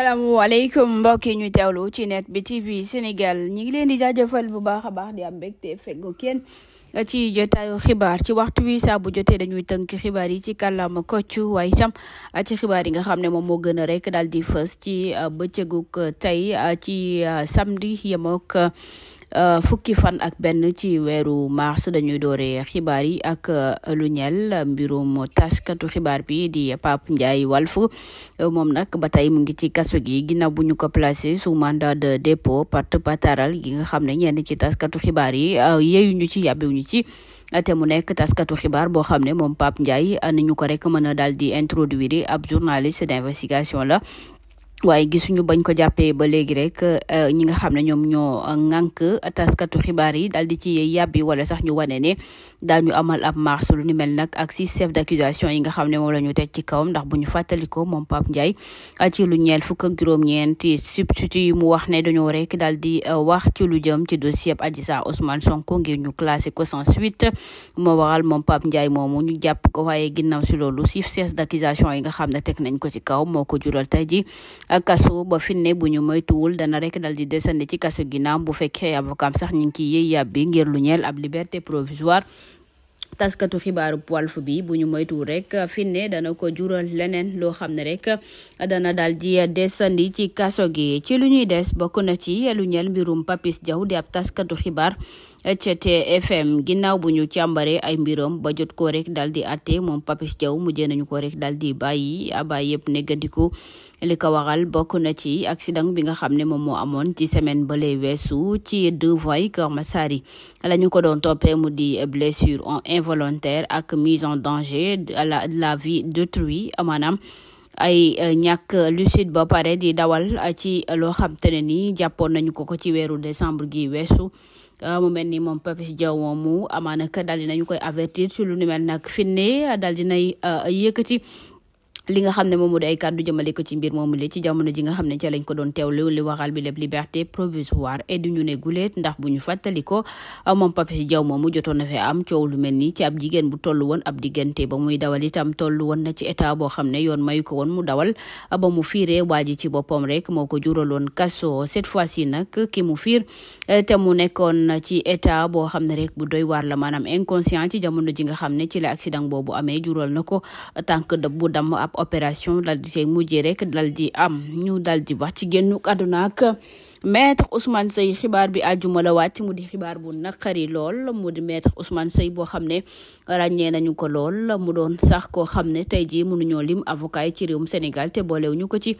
asalaamualeykum mbokki ñu teewlu ci net bi TV Sénégal ñi ngi leen di jaajëfal bu baax a baax di am mbégte feggu kenn ci jotaayu xibaar ci waxtu wi saa bu jotee dañuy tënk xibaar yi ci kàllaama kocc waaye itam ci xibaar yi nga xam ne moom moo gën a rek daal di fës ci uh, bëccëgug uh, tey uh, ci samedi yemook Euh, fukki fan ak benn ci weeru mars dañuy doore xibaar yi ak euh, lu ñeel mbirum taskatu xibaar bi di Pape Ndiaye walfu euh, moom nag ba tey mu ngi ci kaso gi ginnaaw bu ñu ko placé mandat de dépôt porte pataral gi nga xam ne ñenn ci taskatu xibaar yi yeyuñu ci yàbbiwuñu ci ate mu nekk taskatu xibaar boo xam ne moom Pape Ndiaye nañu ko rek mën a daal di introduire ab journaliste d'investigation la waaye gisuñu bañ ko jàppee ba léegi rek euh, ñi nga xam ne ñoom ñoo ŋànk taskatu xibaar yi daal di ci yàbbi wala sax ñu wane ne ñu amal ab marche lu ni mel nag ak six chefs d'accusation yi nga xam ne moom la ñu ci kawam ndax bu ñu fàttalikoo moom Pape Ndiaye euh, ci lu ñeel fukk ak juróom-ñeenti yi mu wax ne dañoo rek daal di euh, wax ci lu jëm ci dossier ab Adji Sarr Ousmane Sonko ngir ñu classé ko sans suite moo waral moom Pape Ndiaye moomu ñu jàpp ko waaye ginnaaw si loolu six chefs d'accusation yi nga xam ne teg nañ ko ci kaw moo ko jural tey ji kaso ba fi ne bu ñu moytuwul dana rek dal di desandi ci kaso ginnaaw bu fekkee avocat sax ñu ngi ciy yëy yàbbi ngir lu ñeel ab liberté provisoire taskatu xibaaru Walf bi bu ñu rek fi ne dana ko jural leneen loo xam ne rek dana daal di desandi ci kaso gi ci lu ñuy des bokk na ci lu ñel mbirum Papis Diaw di ab taskatu xibaar ca TFM ginnaaw bu ñu càmbaree ay mbiram ba jot ko rek daal di atte moom Papis Diaw mujjee nañu ko rek dal di bàyyi abaa yëpp neggandiku li ko waxal bokk na ci accident bi nga xam ne moom moo amoon ci semaine ba lay weesu ci deux voies Kër Masary la ñu ko doon volontaire ak mise en danger de la de la vie d'autrui maanaam ay euh, ñàkk lucide ba pare di dawal euh, ci loo xam te ne nii jàppoon nañu ko ko ci weeru décembre gi weesu euh, mu mel ni moom Papis Diaw moomu amaana koy avertir su lu ni mel nag finne daal dinay yëkkati li nga xam ne moom moo di ay kàddu jëmale ko ci mbir moomu li ci jamono ji nga xam ne ca lañ ko doon teewlu li waral ndax bu ñu fàttali ko euh, moom Papis Diaw moomu jotoon na fee am coow lu mel nii ci ab jigéen bu toll woon ab diggante ba muy dawal itam toll woon na ci état boo xam ne yoon mayu ko woon mu dawal euh, ba mu fiiree waa ji ci boppam rek moo ko juraloon kaso cette fois ci nag ki mu fiir euh, te mu nekkoon ci état boo xam ne rek bu doy waar la maanaam inconscient ci jamono ji nga xam ne ci la accident boobu amee jural na ko tànk bu ab opération dal di mujjee rek dal di am ñu dal di wax ci génnu àdduna ak maître Ousmane Seye xibaar bi àjjuma la wàcc mu di xibaar bu naqari lool mu di maître Ousmane Seye boo xam ne ràññee nañu ko lool mu doon sax koo xam ne tey jii mënuñoo lim avocat yi ci réewum Sénégal te boolewuñu ko ci.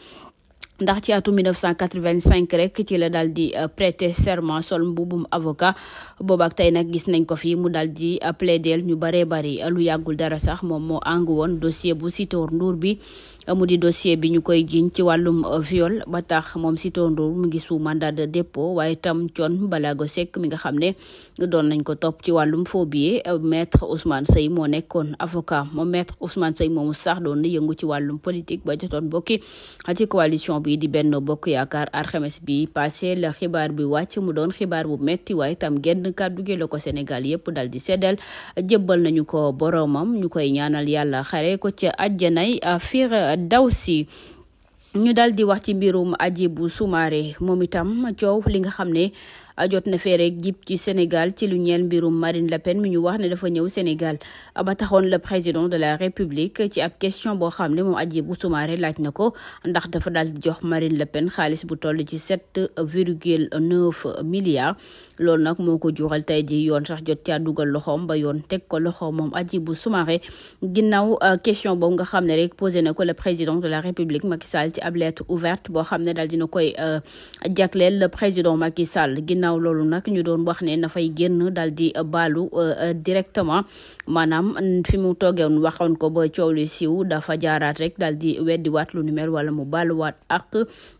ndax ci atum 1985 rek ci la daal di euh, prêter serment sol mbubum avocat boobaak tey nag gis nañ ko fi mu daal di euh, plaider ñu baree bari lu yàggul dara sax moom moo àngu woon dossier bu Sitor Ndour bi mu di dossier bi ñu koy jiiñ ci wàllum euh, viol ba tax moom Sitor Ndour mu ngi sous mandat de dépôt waaye tam Thione Ballago sek mi nga xam ne doon nañ ko topp ci wàllum faux billets maître Ousmane Seye moo nekkoon avocat moom maître Ousmane Seye moomu sax doon na yëngu ci wàllum politique ba jotoon bokki ci coalition bi. bi di Benno Bokk Yaakaar alxames bi passé la xibaar bi wàcc mu doon xibaar bu metti waaye itam genn kàddu gi ko Sénégal yëpp dal di seddal jébbal nañu ko boromam ñu koy ñaanal yàlla xare ko ca àjjanay Firdawsi ñu dal di wax ci mbirum Hadjibou Soumaré moom itam coow li nga xam ne a jot na fee rek ci Sénégal ci lu ñeel mbirum Marine Le Pen mi ñu wax ne dafa ñëw Sénégal ba taxoon le président de la République ci ab question boo xam ne moom Hadjibou Soumaré laaj na ko ndax dafa daal di jox Marine Le Pen xaalis bu toll ci sept virgule neuf milliards loolu nag moo ko jural tey ji yoon sax jot caa dugal loxoom ba yoon teg ko loxoom moom Hadjibou Soumaré ginnaaw euh, question boobu nga xam ne rek posé na ko le président de la République Macky Sall ci ab lettre ouverte boo xam ne daal dina koy euh, jagleel le ginnaaw loolu nag ñu doon wax ne nafay fay génn daal di baalu euh, euh, directement maanaam fi mu toogeewoon waxoon ko ba coow li siiw dafa jaaraat rek daal di weddiwaat lu ni wala mu baaluwaat ak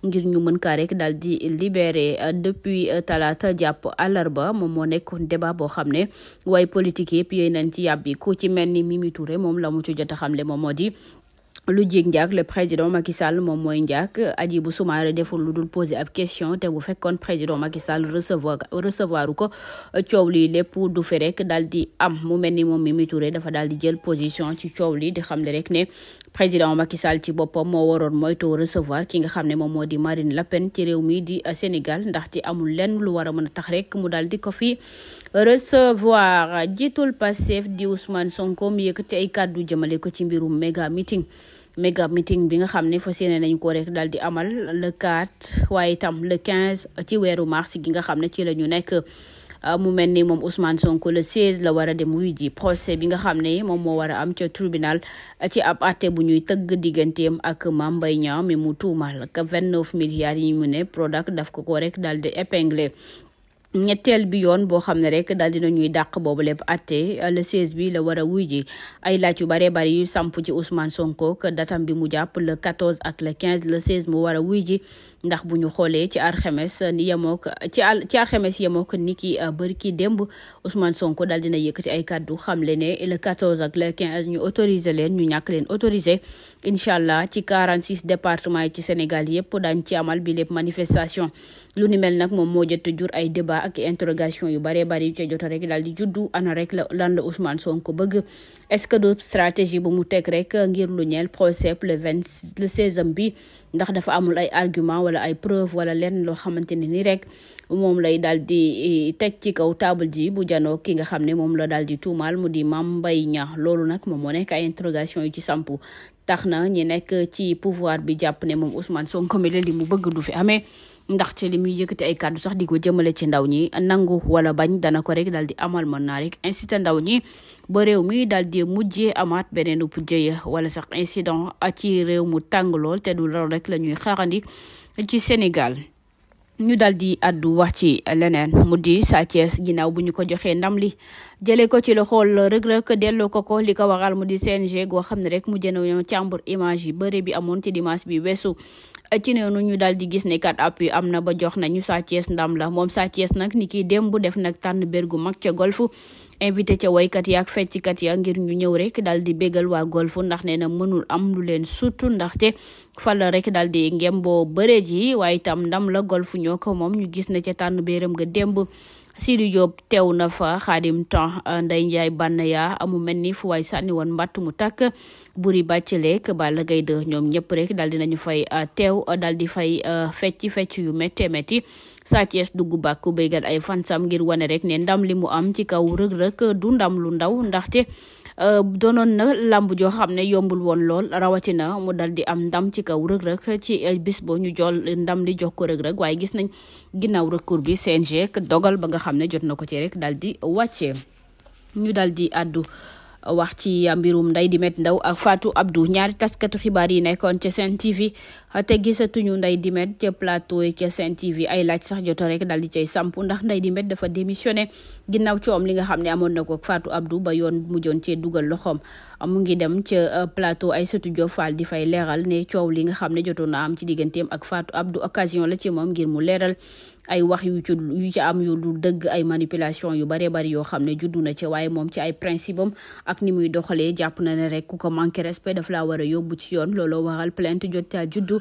ngir ñu mën kaa rek daal di libéré depuis talaata jàpp àllarba moom moo nekkoon débat boo xam ne waaye politique yëpp yooyu nan ci yàbbi ku ci mel ni Mimi Touré moom la mu ci jot a xamle moom moo di. lu jig njaag le président Macky Sall moom mooy njaag Hadjibou Soumaré deful lu dul poser ab question te bu fekkoon président Macky Sall recevoir recevoir ko coow lii lépp du fi rek dal di am mu mel ni moom Mimi dafa daal di jël position ci coow lii di xam ne rek ne président Macky Sall ci boppam moo waroon moytu recevoir ki nga xam ne moom moo di Marine Le Pen ci réew mi di Sénégal ndax ci amul lenn lu war a mën a tax rek mu daal di ko fi recevoir jiitul Pastef di Ousmane Sonko mu yëkkati ay kàddu jëmale ko ci mbirum méga meeting méga meeting bi nga xam ne fas yéene nañ ko rek daal di amal le 4 waaye itam le 15 ci weeru mars gi nga xam ne ci la ñu nekk. Uh, mu mel ni moom Ousmane Sonko le 16 la war a dem wuy ji procès bi nga xam ne moom moo war a am ca tribunal ci ab àtte bu ñuy tëgg digganteem ak Mame Mbaye Niang mi mu tuumal ka 29 milliards yi mu ne Prodac daf ko ko rek daal di épinglé. ñetteel bi yoon boo xam ne rek daal dina ñuy dàq boobu lépp atte le 16 bi la war a wuy ji ay laaj yu bare bari yu samp ci Ousmane Sonko datam bi mu jàpp le 14 ak le 15 le 16 mu war a wuy ji ndax bu ñu xoolee ci arxemes ni yemook ci al ci arxemes yemook ni ki euh, bëri ki démb Ousmane Sonko daal dina yëkkati ay kàddu xam le ne le 14 ak le quinze ñu autorisé leen ñu ñàkk leen autorisé incha allah ci 46 départements yi ci Sénégal yëpp daañ ci amal bi lépp manifestation lu ni mel nag moom moo ay débat ak interrogation yu bare bari yu ca jot rek daal di juddu ana rek la lan la Ousmane Sonko bëgg est-ce que du stratégie bu mu teg rek ngir lu ñeel procès le vingt le seize bi ndax dafa amul ay argument wala ay preuve wala lenn loo xamante ne ni rek moom lay daal di eh, teg ci kaw table ji bu janoo ki nga xam ne moom la daal di tuumaal mu di Mame mbay Niang loolu nag moom moo nekk ay interrogation yu ci sampu tax na ñi nekk ci pouvoir bi jàpp ne moom Ousmane Sonko mi li mu bëgg du fi amee ndax ci li muy yëkkati ay kàddu sax di ko jëmale ci ndaw ñi nangu wala bañ dana ko rek daal di amal mën naa rek incité ndaw ñi ba réew mi daal di mujjee amaat beneen bu jëye wala sax incident ci réew mu tàng lool te du lool rek la ñuy xaarandi ci Sénégal. ñu daal di addu wax ci leneen mu di Sa Thiès ginnaaw bu ñu ko joxee ndam li jëlee ko ci loxol rek Reug delloo ko ko li ko waxal mu di CNG goo xam ne rek mu jënoon càmbar image yi bëre bi amoon ci dimanche bi weesu Euh, ci noonu ñu daal di gis ne kat appui am na ba jox nañu Sa Thiès ndam la moom Sa Thiès nag ni kiy démb def nag tànn bér gu mag ca golf invité ca waykat ya ak fecckat ya ngir ñu ñëw rek daal di bégal waa golf ndax nee na mënul am lu leen sut ndaxte fala rek daal di ngem boo bëre ji waaye itam ndam la golf ñoo ko moom ñu gis ne ca tànn béram ga démb Sidi Diop teew na fa xaadim temps Ndeye Ndiaye Banaya amu mel ni fu way sànni woon mbatt mu takk buri bàccaleeg Balla Gaye 2 ñoom ñëpp rek daal di nañu fay euh, teew euh, daal di fay euh, fecc fecc yu méttee métti Sa Thiès dugg bàkku béykat ay fansam ngir wane rek ne ndam li mu am ci kaw rek rëg du ndam lu ndaw ndaxte. Euh, doonoon na làmb joo xam ne yombul woon lool rawatina mu dal di am ndam ci kaw rëg-rëg ci euh, bis bo ñu jol euh, ndam li jox ko rëg-rëg waaye gis nañ ginnaaw recours bi CNG dogal ba nga xam ne jot na ko ci rek dal di wàccee ñu dal di àddu wax ci mbirum Ndeye Dimet Ndao ak Fatou Abdou ñaari katu xibaar yi nekkoon ca Sen TV te gisatuñu Ndeye Dimet ca plateau yi ca TV ay laaj sax joto rek daal di cay samp ndax Ndeye Dimet dafa démissionné ginnaaw coom li nga xam ne amoon na faatu Fatou Abdou ba yoon mujjoon cee dugal loxoom mu ngi dem ca euh, plateau Aïssatou Diop Fall di fay leeral ne coow li nga xam ne jotoon na am ci digganteem ak Fatou Abdou occasion la ci moom ngir mu leeral ay wax yu ci yu ci am yu dul dëgg ay manipulation yu bare bari yoo xam ne juddu na ci waaye moom ci ay principe am ak ni muy doxalee jàpp na ne rek ku ko manqué respect def laa war a yóbbu ci yoon loolo waral plainte jot ca juddu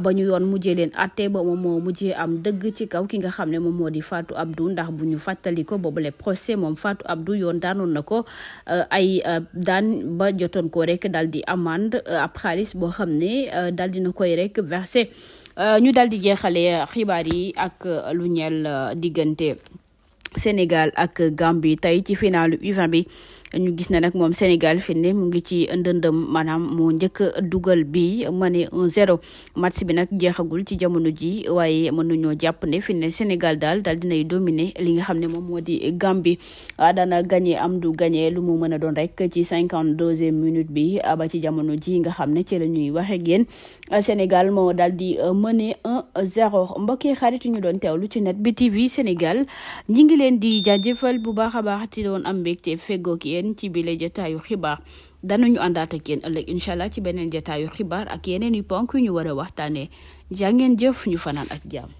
ba ñu yoon mujjee leen atte ba moom moo mujjee am dëgg ci kaw ki nga xam ne moom moo di Fatou Abdou ndax bu ñu fàttali ko boobule procès moom Fatou Abdou yoon daanoon na ko euh, ay euh, daan ba jotoon ko rek daal di amande euh, ab xaalis boo xam ne daal dina koy rek versé Euh, ñu daal di jeexale xibaar yi ak lu ñeel euh, diggante. Sénégal ak Gambie tey ci finalu U20 bi ñu gis ne nag moom Sénégal fi ne mu ngi ci ndëndëm maanaam moo njëkk dugal bi ma ne 1-0 match bi nag jeexagul ci jamono ji waaye mënuñoo jàpp ne fi ne Sénégal daal daal dinay dominer li nga xam ne moom moo di Gambie dana gagné am du gañe lu mu mën a doon rek ci cinquante deuxième minute bi ba ci jamono ji nga xam ne ci la ñuy waxe ak yéen Sénégal moo daal di mené 1-0 mbokk yi xarit ñu doon teewlu ci net bi TV Sénégal leen di jaajëfal bu baax a baax ci doon am mbégte feggoog yéen ci bile jotaayu xibaar danañu àndaat ak yéen ëllëg incha allah ci beneen jotaayu xibaar ak yeneen i ponk yu ñu war a waxtaanee jàngeen jëf ñu fanaan ak jàmm.